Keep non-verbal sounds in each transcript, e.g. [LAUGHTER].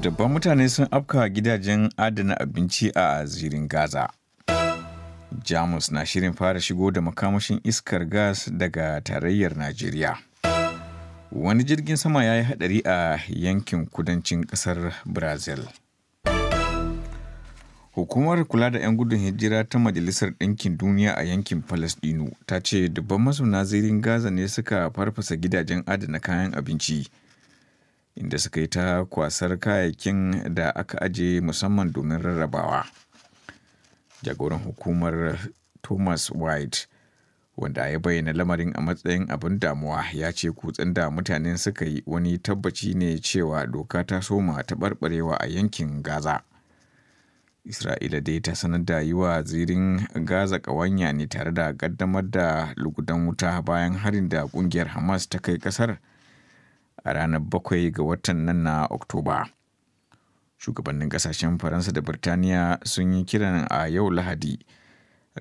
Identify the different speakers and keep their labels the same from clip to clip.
Speaker 1: Dabban mutane sun afka gidajen adana abinci a zirin Gaza. Jamus na shirin fara shigo da makamashin iskar gas daga tarayyar Najeriya. Wani jirgin sama ya yi hadari a yankin kudancin kasar Brazil. Hukumar kula da 'yan gudun hijira ta Majalisar Ɗinkin Duniya a yankin Falasɗinu ta ce dubban mazauna zirin Gaza ne suka farfasa gidajen adana kayan abinci. inda suka yi ta kwasar kayayyakin da aka aje musamman domin rarrabawa jagoran hukumar thomas white wanda ya bayyana lamarin a matsayin abin damuwa ya ce kutsen da mutanen suka yi wani tabbaci ne cewa doka ta soma ta barbarewa a yankin gaza isra'ila dai ta sanar da yi wa zirin gaza ƙawanya ne tare da ƙaddamar da lugudan wuta bayan harin da kungiyar hamas ta kai kasar. a ranar bakwai ga watan nan na oktoba shugabannin kasashen faransa da birtaniya sun yi kiran a yau lahadi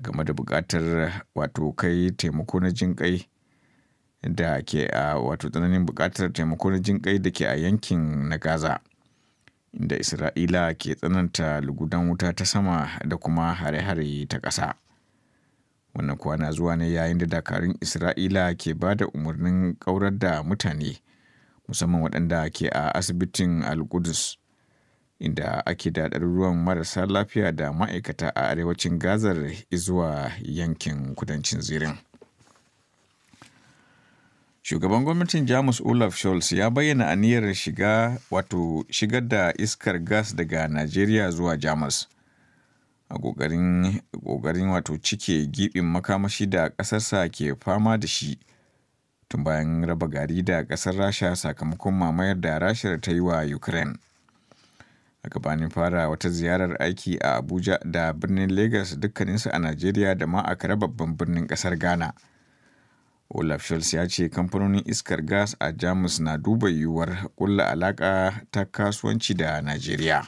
Speaker 1: game da buƙatar wato kai taimako na jin kai da ke a wato tsananin buƙatar taimako na jin kai da ke a yankin na gaza inda isra'ila ke tsananta lugudan wuta ta sama da kuma hare-hare ta ƙasa wannan kwana zuwa ne yayin da dakarun isra'ila ke ba da umarnin ƙaurar da mutane musamman waɗanda ke a asibitin al inda ake da ruwan marasa lafiya da ma'aikata a arewacin Gazar zuwa yankin kudancin zirin. Shugaban gwamnatin Jamus Olaf Scholz ya bayyana aniyar shiga wato shigar da iskar gas daga Najeriya zuwa Jamus. A ƙoƙarin wato cike giɓin makamashi da ƙasarsa ke fama da shi. tun bayan raba gari da kasar rasha sakamakon mamayar da rasha ta yi wa ukraine a gabanin fara wata ziyarar aiki a abuja da birnin lagos dukkaninsu a najeriya da ma a raba babban birnin kasar ghana olaf scholz ya ce kamfanonin iskar gas a jamus na duba yiwuwar kulla alaka ta kasuwanci da najeriya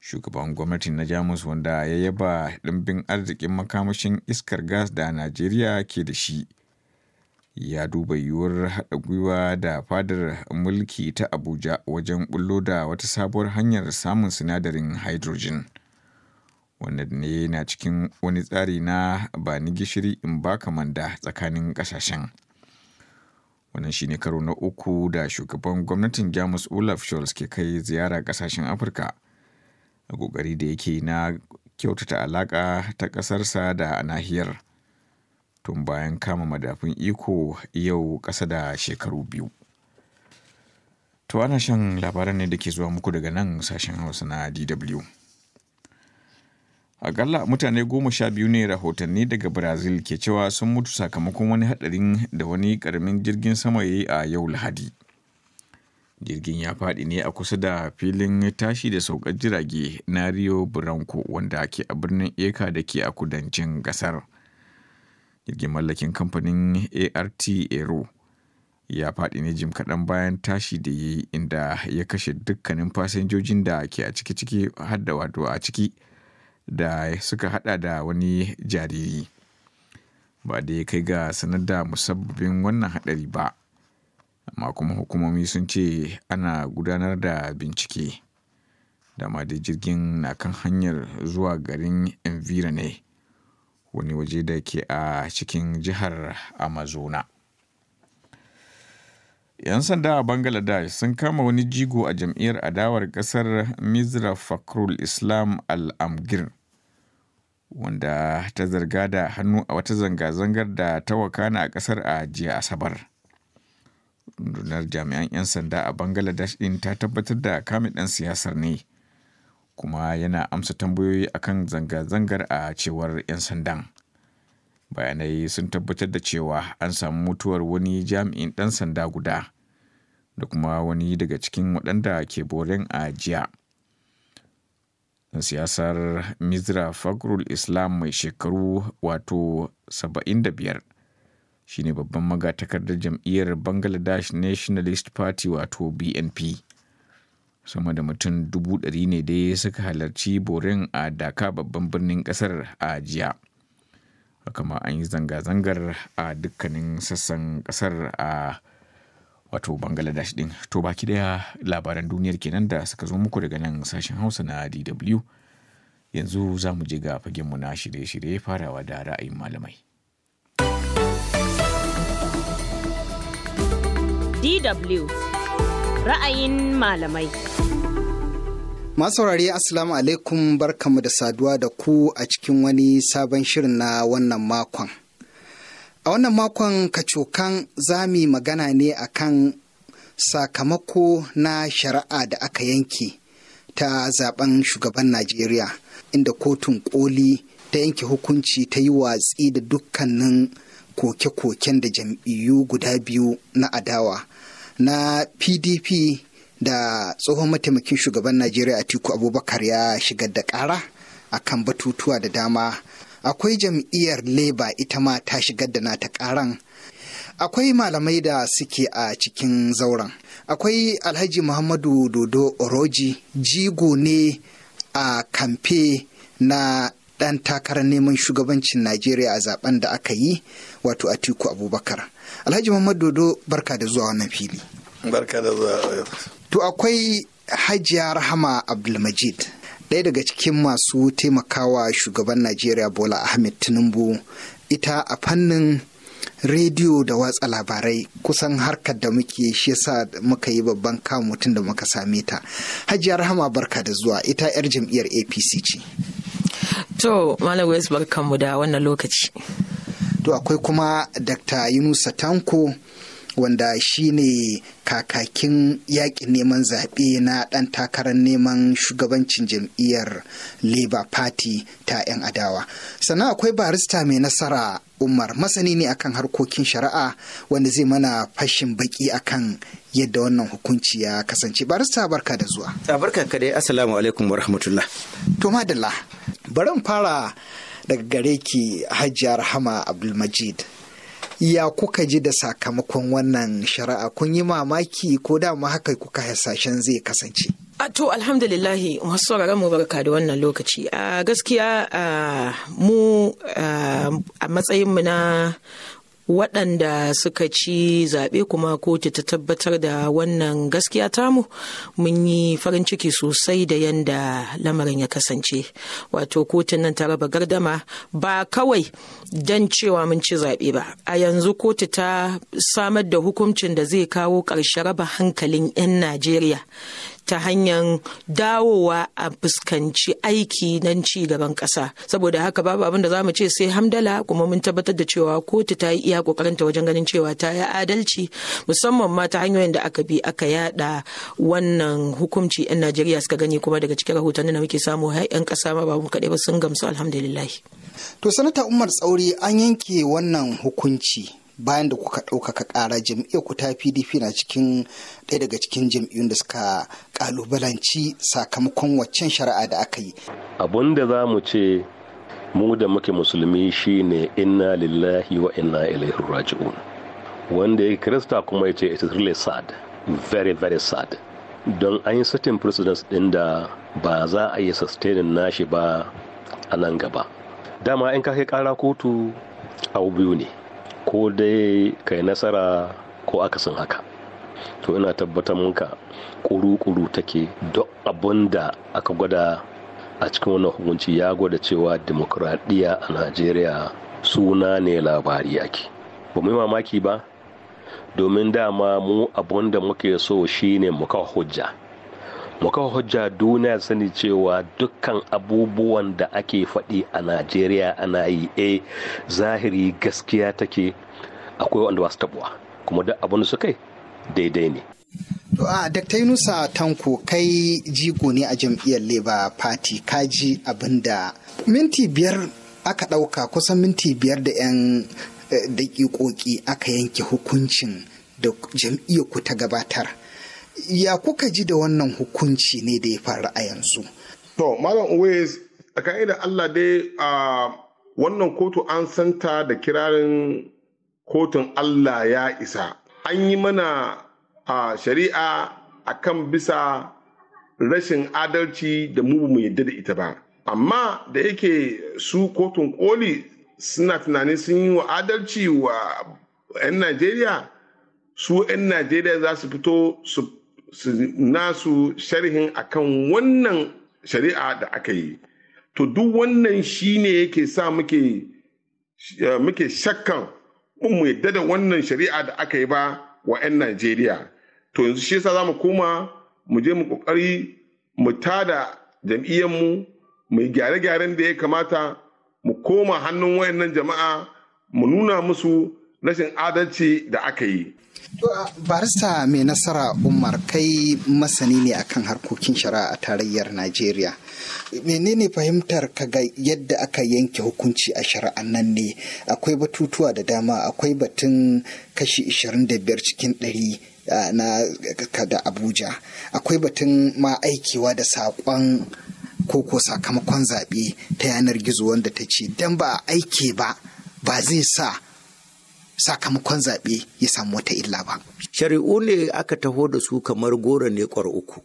Speaker 1: shugaban gwamnati na jamus wanda ya yaba ɗimbin arzikin makamashin iskar gas da najeriya ke da shi ya duba yiwuwar haɗa gwiwa da fadar mulki ta abuja wajen bullo da wata sabuwar hanyar samun sinadarin hydrogen wannan ne na cikin wani tsari na ba ni gishiri in ba manda tsakanin ƙasashen wannan shi ne karo na uku da shugaban gwamnatin jamus olaf scholz ke kai ziyara ƙasashen afirka a ƙoƙari da yake na kyautata alaƙa ta ƙasarsa da nahiyar tun bayan kama madafin iko yau ƙasa da shekaru biyu. To ana shan labaran ne da ke zuwa muku daga nan sashen Hausa na DW. Akalla mutane goma sha biyu ne rahotanni daga Brazil ke cewa sun mutu sakamakon wani haɗarin da wani ƙaramin jirgin sama ya yi a yau Lahadi. Jirgin ya faɗi ne a kusa da filin tashi da saukar jirage na Rio Branco wanda ke a birnin Eka da ke a kudancin ƙasar. jirgin mallakin kamfanin art aero ya faɗi ne jim kaɗan bayan tashi da yi inda ya kashe dukkanin fasinjojin da ke a ciki-ciki hadda wato a ciki da suka hada da wani jariri ba da ya kai ga sanar da musabbabin wannan haɗari ba amma kuma hukumomi sun ce ana gudanar da bincike dama da jirgin na kan hanyar zuwa garin envira ne wani waje da ke a cikin jihar amazona yan sanda a bangladesh sun kama wani jigo a jam'iyyar adawar kasar mizra fakrul islam al-amgir wanda ta zarga da hannu a wata zanga-zangar da ta wakana a kasar a jiya asabar rundunar jami'an 'yan sanda a bangladesh ɗin ta tabbatar da kame ɗan siyasar ne kuma yana amsa tambayoyi akan zanga-zangar a cewar 'yan sandan. Bayanai sun tabbatar da cewa an samu mutuwar wani jami'in ɗan sanda guda da kuma wani daga cikin waɗanda ke boren a jiya. siyasar Mizra Fagrul Islam mai shekaru wato 75 shine babban magatakardar jam'iyyar Bangladesh Nationalist Party wato BNP. sama da mutum dubu ɗari ne dai suka halarci borin a daka babban birnin ƙasar a jiya kama an yi zanga-zangar a dukkanin sassan ƙasar a wato bangaladesh ɗin to baki daya labaran duniyar kenan da suka zo muku daga nan sashen hausa na dw yanzu za mu je ga fagenmu na shirye-shirye farawa da ra'ayin malamai
Speaker 2: dw ra'ayin malamai.
Speaker 3: Masu saurari Assalamu alaikum barkamu da saduwa da ku a cikin wani sabon shirin na wannan makon. A wannan makon kacokan zami magana ne a kan sakamako na shari'a da aka yanke ta zaben shugaban Najeriya inda kotun koli ta yanke hukunci ta yi watsi da dukkanin koke-koken da jam'iyyu guda biyu na adawa na pdp da tsohon mataimakin shugaban najeriya atiku abubakar ya shigar da kara akan batutuwa da dama akwai jam'iyyar labour ita ma ta shigar da nata karan akwai malamai da suke a cikin zauren akwai alhaji muhammadu dodo oroji jigo ne a kamfe na ɗan takarar neman shugabancin najeriya a zaben da aka yi wato atiku abubakar alhaji muhammad dodo barka da zuwa wannan fili
Speaker 4: barka da zuwa eh.
Speaker 3: to akwai hajiya rahama abdulmajid ɗaya daga cikin masu taimakawa shugaban najeriya bola ahmed tinubu ita a fannin rediyo da watsa labarai kusan harkar da muke shi yasa muka yi babban kamun mutum da muka same ta hajiya rahama barka da zuwa ita 'yar jam'iyyar apc ce
Speaker 2: to malam barkanmu da wannan lokaci to akwai kuma dr yunusa
Speaker 3: tanko wanda shi ne kakakin yakin neman zaɓe na ɗan takarar neman shugabancin jam'iyyar labour party ta 'yan adawa sannan akwai barista mai nasara umar masani ne akan harkokin shari'a wanda zai mana fashin baki akan yadda wannan hukunci ya kasance barista barka da zuwa barka kadai assalamu alaikum wa rahmatullah. to madalla bari fara daga gare ki hajiya rahama abdulmajid ya kuka ji da sakamakon wannan shari'a kun yi mamaki ko dama haka kuka hasashen zai
Speaker 2: kasance a to alhamdulillahi masu sauraron mu barka da wannan lokaci a gaskiya mu a matsayin mu na waɗanda suka ci zaɓe kuma kotu ta tabbatar da wannan gaskiya tamu mun yi farin ciki sosai da yadda lamarin ya kasance wato kotun nan ta raba gardama ba kawai don cewa mun ci zaɓe ba a yanzu kotu ta samar da hukuncin da zai kawo ƙarshe raba hankalin 'yan najeriya ta hanyar dawowa a fuskanci aiki nan ci gaban ƙasa saboda haka babu abin da za mu ce sai hamdala kuma mun tabbatar da cewa kotu ta yi iya ƙoƙarinta wajen ganin cewa ta yi adalci musamman ma ta hanyoyin da aka bi aka yada wannan hukunci 'yan najeriya suka gani kuma daga cikin rahotanni da muke samu 'yan ƙasa ma ba mu kaɗai ba sun gamsu alhamdulillah
Speaker 3: to sanata umar tsauri an yanke wannan hukunci bayan da kuka ɗaukaka ƙara jam'iyyar ku ta pdp na cikin ɗaya daga cikin jam'iyyun da suka ƙalubalanci sakamakon waccan shari'a da aka yi
Speaker 5: abun da za mu ce mu da muke musulmi shine inna lillahi wa inna ilaihi raji'un wanda ya kirista kuma ya ce it is really sad very very sad don an yi certain precedents din da ba za a yi sustaining nashi ba a nan gaba dama in ka kai kara kotu abu biyu ne ko dai kai nasara ko akasin haka to ina tabbatar muka kuru-kuru take duk abin da aka gwada a cikin wannan hukunci ya gwada cewa demokuraɗiyya a najeriya suna ne labari ake ba mu mamaki ba domin dama mu abin da muke so shine muka hujja mukan hujja duniya sani cewa dukkan abubuwan da ake faɗi a najeriya ana yi a eh, zahiri gaskiya take akwai wanda ba su tabuwa kuma duk abin da suka daidai ne
Speaker 3: To a dakta yunusa tanko kai jigo ne a jam'iyyar labour party kaji abin da minti biyar aka ɗauka kusan minti biyar da 'yan eh, daƙiƙoƙi aka yanke hukuncin da jam'iyyar ku ta gabatar ya kuka ji da wannan
Speaker 4: hukunci ne da ya faru a yanzu to malam uwais tsakanin da allah dai a wannan kotu an santa da kirarin kotun allah ya isa an yi mana a shari'a akan bisa rashin adalci da mu mu yadda da ita ba amma da yake su kotun koli suna tunanin sun yi wa adalci wa 'yan najeriya su 'yan najeriya za su fito su su nasu sharhin akan wannan shari'a da aka yi to duk wannan shi shine yake sa muke eh, muke shakkan mu yadda da wannan shari'a da aka yi ba wa 'yan najeriya to yanzu shi yasa za mu koma mu je mu kokari mu tada jam'iyyarmu mu yi gyare-gyaren da ya kamata mu koma hannun wayannan jama'a mu nuna musu rashin adalci da aka yi
Speaker 3: barista mai nasara Umar kai masani ne akan harkokin shari'a a tarayyar Najeriya. Menene fahimtar ka ga yadda aka yanke hukunci a shari'an nan ne akwai batutuwa da dama akwai batun kashi 25 cikin 100 na da Abuja akwai batun ma aikewa da saƙon koko sakamakon zaɓe ta yanar gizo wanda ta ce dan ba aike ba ba zai sa sakamakon zaɓe ya samu wata illa ba.
Speaker 6: Shari'u ne aka taho da su kamar goro ne kwar uku.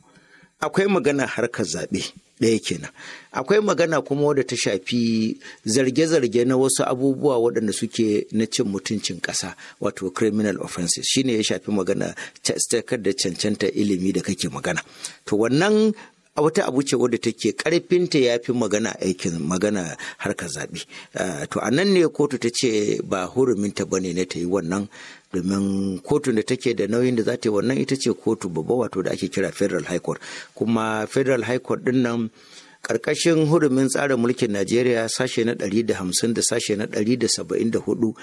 Speaker 6: Akwai magana harkar zaɓe ɗaya kenan. Akwai magana kuma wadda ta shafi zarge-zarge na wasu abubuwa waɗanda suke na cin mutuncin ƙasa wato criminal offenses shine ya shafi magana da cancanta ilimi da kake magana. To wannan a wata abu ce wadda take karfinta ya fi magana aikin magana harka zaɓe ah, to a nan ne kotu ta ce ba huruminta ba ne na ta yi wannan domin kotun da take da nauyin da za ta yi wannan ita ce kotu babba wato da ake kira federal high court kuma federal high court din nan Ƙarƙashin hurumin tsarin mulkin Najeriya sashe na 150 da sashe na 174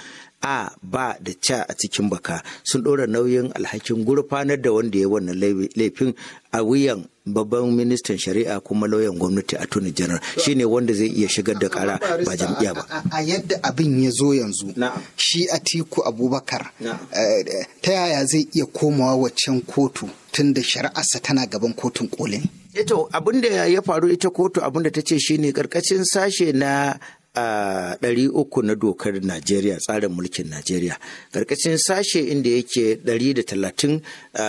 Speaker 6: a ba da ca a cikin baka sun ɗora nauyin alhakin gurfanar da wanda ya wannan laifin a wuyan babban ministan shari'a kuma lauyan gwamnati a tuni janar shine wanda zai iya shigar da kara
Speaker 4: ba jam'iya ba
Speaker 3: a yadda abin ya zo yanzu shi a atiku abubakar eh, eh, ta yaya zai iya komawa waccan kotu tun da shari'arsa tana gaban kotun kolin
Speaker 6: Ito eh, abin da ya faru ita kotu abin da ta ce shine karkashin sashe na a ɗari uku na dokar Najeriya tsarin mulkin Najeriya ƙarƙashin sashe inda yake ɗari da talatin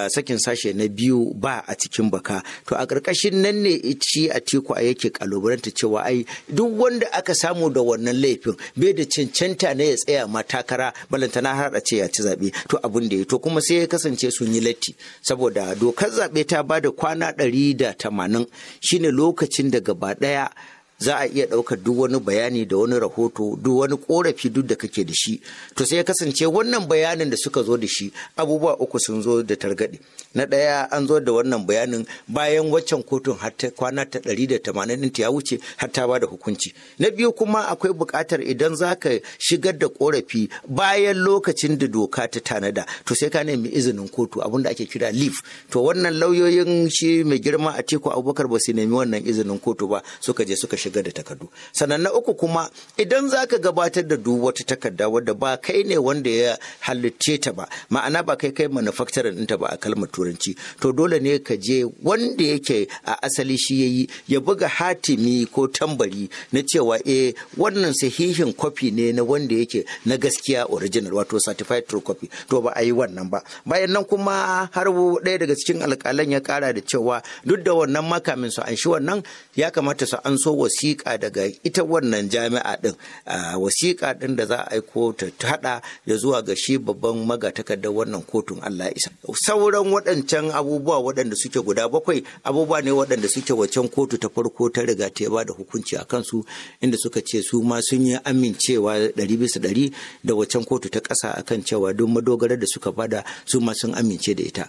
Speaker 6: sakin sashe na biyu ba a cikin baka to a ƙarƙashin nan ne ci a tiku a yake kalubalanta cewa ai duk wanda aka samu da wannan laifin bai da cancanta na ya tsaya matakara, takara balanta na har ce ya ci zaɓe to abin da ya to kuma sai ya kasance sun yi latti saboda dokar zaɓe ta ba da kwana ɗari da tamanin shine lokacin da gaba ɗaya za a iya ɗaukar duk wani bayani da wani rahoto duk wani korafi duk da kake da shi to sai ya kasance wannan bayanin da suka zo da shi abubuwa uku sun zo da targaɗe na ɗaya an zo da wannan bayanin bayan waccan kotun har ta kwana ta ɗari da tamanin ɗin ya wuce har ta bada hukunci na biyu kuma akwai buƙatar idan za ka shigar da korafi bayan lokacin da doka ta tanada to sai ka nemi izinin kotu abin da ake kira lif. to wannan lauyoyin shi mai girma a teku abubakar ba su nemi wannan izinin kotu ba suka je suka shiga da takardu sannan na uku kuma idan za ka gabatar da duk wata takarda wadda ba kai ne wanda ya halitce ta ba ma'ana ba kai kai manufacturer ɗinta ba a kalmar turanci to dole ne ka je wanda yake a asali shi ya yi ya buga hatimi ko tambari na cewa eh wannan sahihin kwafi ne na wanda yake na gaskiya original wato certified true copy to ba a yi wannan ba bayan nan kuma har ɗaya daga cikin alƙalan ya ƙara da cewa duk da wannan makamin su an shi wannan ya kamata su an so wasu wasiƙa daga ita wannan jami'a ɗin wasiƙa ɗin da za a aiko ta haɗa da zuwa ga shi babban magatakardar wannan kotun Allah isa sauran waɗancan abubuwa waɗanda suke guda bakwai abubuwa ne waɗanda suke wancan kotu ta farko ta riga ta ba da hukunci a kansu inda suka ce su ma sun yi amincewa ɗari bisa ɗari da wancan kotu ta ƙasa akan cewa duk madogara da suka bada su ma sun amince da ita.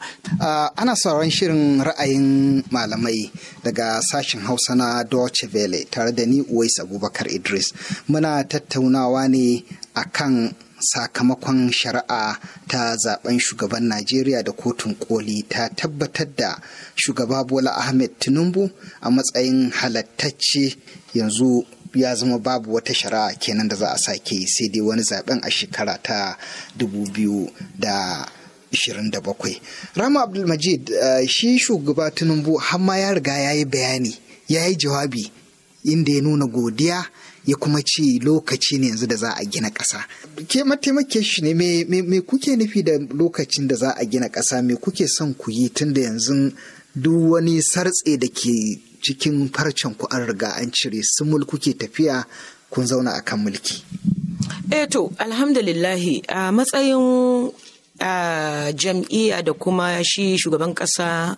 Speaker 3: ana sauran shirin ra'ayin malamai daga sashen hausa na Deutsche Welle tare da ni Uwais Abubakar Idris. Muna tattaunawa ne a kan sakamakon shari'a ta zaben shugaban Najeriya da kotun koli ta tabbatar da shugaba Bola Ahmed Tinubu a matsayin halattacce yanzu ya zama babu wata shari'a kenan da za a sake sai dai wani zaben a shekara ta 2027. Rama Abdulmajid eh, shi shugaba Tinubu har ma ya riga ya yi bayani ya yi jawabi inda ya nuna godiya ya kuma ce lokaci ne yanzu da za a gina ƙasa. Ke mataimake shi ne me kuke nufi da lokacin da za a gina ƙasa me kuke son ku yi tun da yanzu duk wani sartse da ke cikin farcen ku an riga an cire sumul kuke tafiya kun zauna a kan mulki.
Speaker 2: E, to alhamdulillahi a matsayin jam'iyya da kuma shi shugaban ƙasa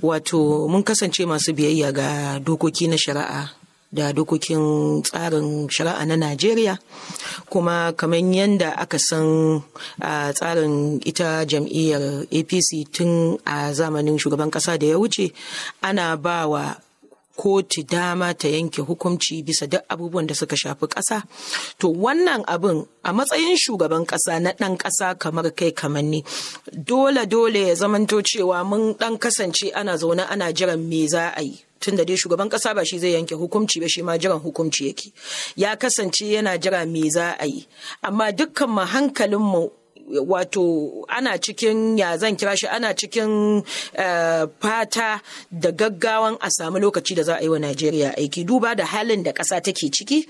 Speaker 2: wato mun kasance masu biyayya ga dokoki na shari'a da dokokin tsarin shari'a na najeriya kuma kamar yadda aka san a tsarin ita jam'iyyar apc tun a zamanin shugaban kasa da ya wuce ana ba wa Kotu dama ta yanke hukunci bisa duk abubuwan da suka shafi ƙasa to wannan abin a matsayin shugaban ƙasa na ɗan ƙasa kamar kai kamar ne dole dole ya zamanto cewa mun ɗan kasance ana zaune ana jiran me za a yi tun dai shugaban ƙasa ba shi zai yanke hukunci ba shi ma jiran hukunci yake ya kasance yana jira me za a yi amma dukkan mu hankalin mu wato ana cikin ya zan kira shi ana cikin eh, fata da gaggawan a samu lokaci da za a yi wa Najeriya aiki duba da halin da ƙasa take ciki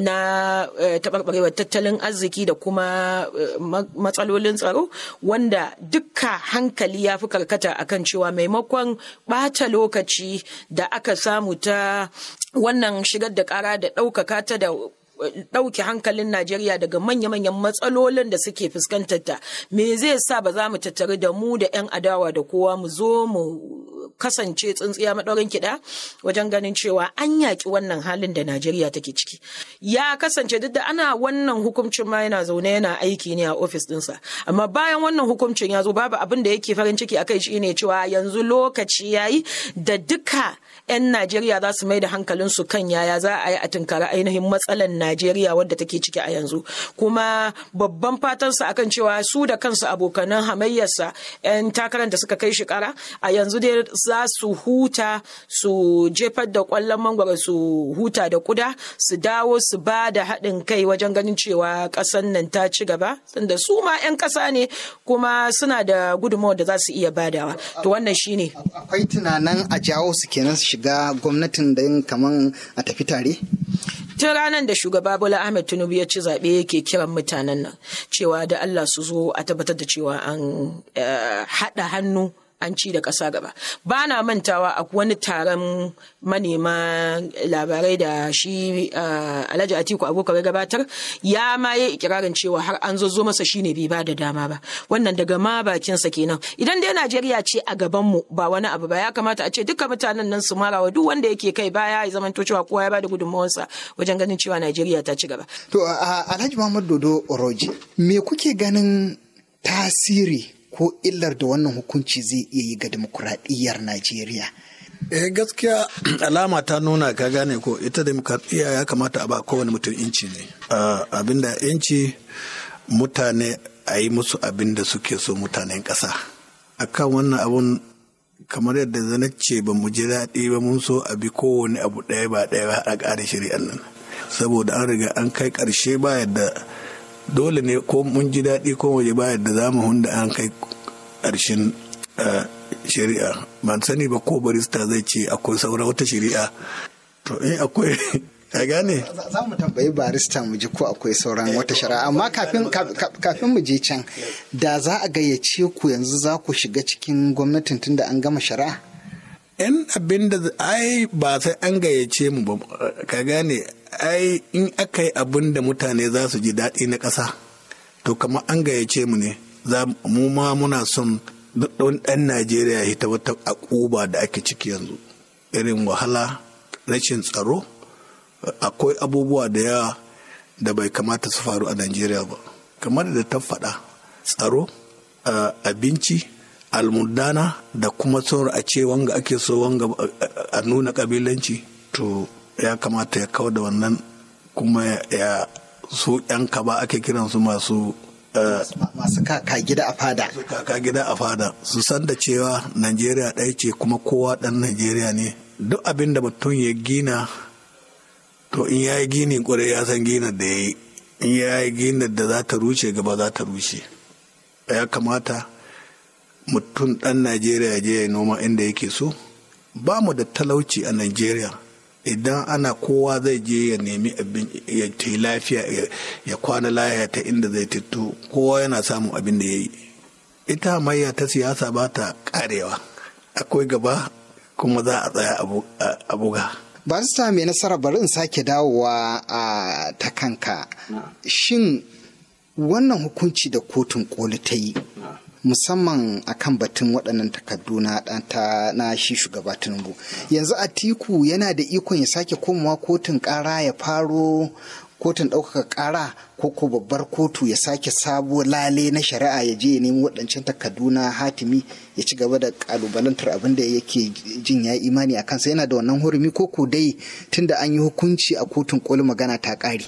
Speaker 2: na eh, taɓarɓarewar tattalin arziki da kuma eh, matsalolin tsaro wanda dukka hankali ya fi karkata akan cewa maimakon ɓata lokaci da aka samu ta wannan shigar da kara da ɗaukaka ta da ɗauke hankalin Najeriya daga manya-manyan matsalolin da suke fuskantar ta me zai sa ba za mu tattare da mu da 'yan adawa da kowa mu zo mu kasance tsintsiya maɗaurin kiɗa wajen ganin cewa an yaƙi wannan halin da Najeriya take ciki ya kasance duk da ana wannan hukuncin ma yana zaune yana aiki ne a ofis ɗinsa amma bayan wannan hukuncin ya zo babu abin da yake farin ciki akai shine cewa yanzu lokaci yayi da duka 'yan Najeriya za su mai da hankalinsu kan yaya za a yi a tunkara ainihin matsalan Najeriya wadda take ciki a yanzu kuma babban fatansa akan cewa su da kansu abokanan hamayyarsa 'yan takarar da suka kai shi kara a yanzu dai za su huta su jefar da kwallon mangwaro su huta da kuda su dawo su ba da haɗin kai wajen ganin cewa ƙasar nan ta ci gaba tunda su ma 'yan ƙasa ne kuma suna da gudunmawar da za su iya badawa to wannan shine akwai tunanin a jawo
Speaker 3: su kenan su shiga gwamnatin da yin kaman a tafi tare
Speaker 2: ta ranar da shugaban shugaba Bola Ahmed Tinubu ya ci zaɓe yake kiran mutanen nan cewa da Allah su zo a tabbatar da cewa an eh, haɗa hannu an ci da ƙasa gaba ba na mantawa a wani taron manema labarai da shi alhaji atiku abubakar gabatar ya ma yi ikirarin cewa har an zo masa shine bai ba da dama ba wannan daga ma bakinsa kenan idan dai najeriya ce a gaban mu ba wani abu ba ya kamata a ce duka mutanen nan su marawa duk wanda yake kai baya ya zamanto cewa kowa ya bada gudummawar gudunmawarsa wajen ganin cewa najeriya ta ci gaba
Speaker 3: to alhaji muhammad dodo oroji me kuke ganin tasiri ko illar da wannan hukunci zai iya yi ga demokuraɗiyyar Najeriya.
Speaker 4: Eh gaskiya alama ta nuna ka gane ko ita demokuraɗiyya ya kamata a ba kowane mutum inci ne. Abinda inci mutane a yi musu abin da suke so mutanen ƙasa. Akan wannan abun kamar yadda zana ce ba mu ji daɗi ba mun so a bi kowane abu ɗaya ba ɗaya ba a ƙara shari'an nan. Saboda an riga an kai ƙarshe ba yadda dole ne ko mun ji daɗi ko waje ba da za mu hunda an kai ƙarshen eh, shari'a ba sani ba ko barista zai ce akwai saura wata shari'a to in eh, akwai [LAUGHS] ka gane za mu tambayi
Speaker 3: barista mu ji ko akwai sauran wata shari'a amma kafin kafin mu je can da za a gayyace ku yanzu za ku shiga cikin gwamnatin tunda an gama shari'a yan
Speaker 4: abin da ai ba sai an gayyace mu ba ka gane ai in aka yi abin da mutane za su ji daɗi na ƙasa to kamar an gayyace mu ne mu ma muna son ɗan najeriya hita wata akuba da ake ciki yanzu irin wahala rashin tsaro akwai abubuwa da yawa da bai kamata su faru a najeriya ba kamar da ta faɗa tsaro abinci almudana da kuma tsoro a ce wanga ake so wanga a nuna ƙabilanci. to ya kamata ya kawo da wannan kuma ya su 'yan kaba ake kiransu masu eh, masu kaka gida a fada su kaka gida a fada su san da cewa najeriya ɗaya ce kuma kowa ɗan najeriya ne duk abin da mutum ya gina to in ya yi gini kure ya san ginin da ya yi in ya yi ginin da za ta rushe gaba za ta rushe ya kamata mutum ɗan najeriya je ya noma inda yake so ba mu da talauci a najeriya idan ana kowa zai je ya nemi abin ya ta lafiya ya kwana lafiya ta inda zai tito, kowa yana samun abin da ya yi ita hamayya ta siyasa ba ta karewa akwai gaba kuma za a tsaya a buga
Speaker 3: barista mai nasara bari in sake dawowa a ta kanka shin wannan hukunci da kotun koli ta yi musamman akan batun waɗannan takardu na ta na shi shugaba tinubu yanzu atiku yana da ikon ya sake komawa kotun ƙara ya faro kotun ɗaukaka ƙara ko ko babbar kotu ya sake sabo lale na shari'a ya je ya nemi waɗancan takardu na hatimi ya ci gaba da ƙalubalantar abin da yake jin ya imani a kansa yana da wannan hurumi ko ko dai tunda an yi hukunci a kotun ƙoli magana ta ƙare.